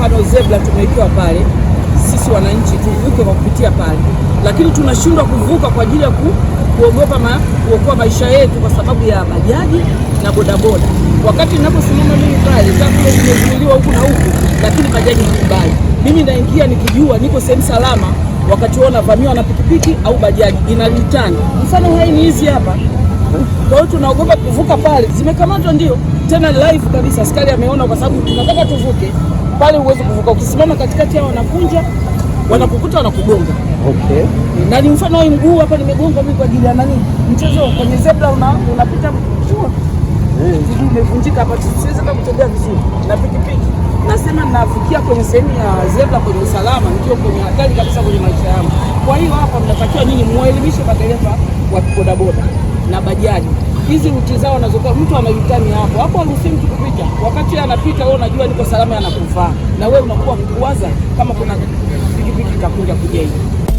mfano zebra tumewekewa pale sisi wananchi tuvuke kwa kupitia pale, lakini tunashindwa kuvuka kwa ajili ya ku kuogopa ma, kuokoa maisha yetu kwa sababu ya bajaji na bodaboda. Wakati ninaposimama mimi pale kama nimezuiliwa huku na huku, lakini bajaji nikubali mimi naingia nikijua niko sehemu salama. Wakati wao wanavamiwa na pikipiki au bajaji inalitana, mfano hai ni hizi hapa kwa hiyo tunaogopa kuvuka pale, zimekamatwa ndio, tena live kabisa. Askari ameona, kwa sababu tunataka tuvuke pale, huwezi kuvuka. Ukisimama katikati yao wanakunja, wanakukuta, wanakugonga. Okay. Na ni mfano hii mguu hapa nimegonga mimi kwa ajili ya nani? Mchezo kwenye zebra una unapita mshua. Eh, mguu umevunjika hapa siwezi hata kutembea vizuri. Na pikipiki. Nasema nafikia kwenye sehemu ya zebra kwenye usalama ndio kwenye hatari kabisa kwenye maisha yangu. Kwa hiyo hapa mnatakiwa nini muelimishe madereva wa bodaboda na bajaji. Hizi ruti zao wanazokuwa mtu anaitani hapo. Hapo haruhusiwi mtu kupita. Wakati anapita wewe unajua niko salama anakufaa. Na wewe unakuwa mkuwaza kama kuna pikipiki itakuja kuja hivi.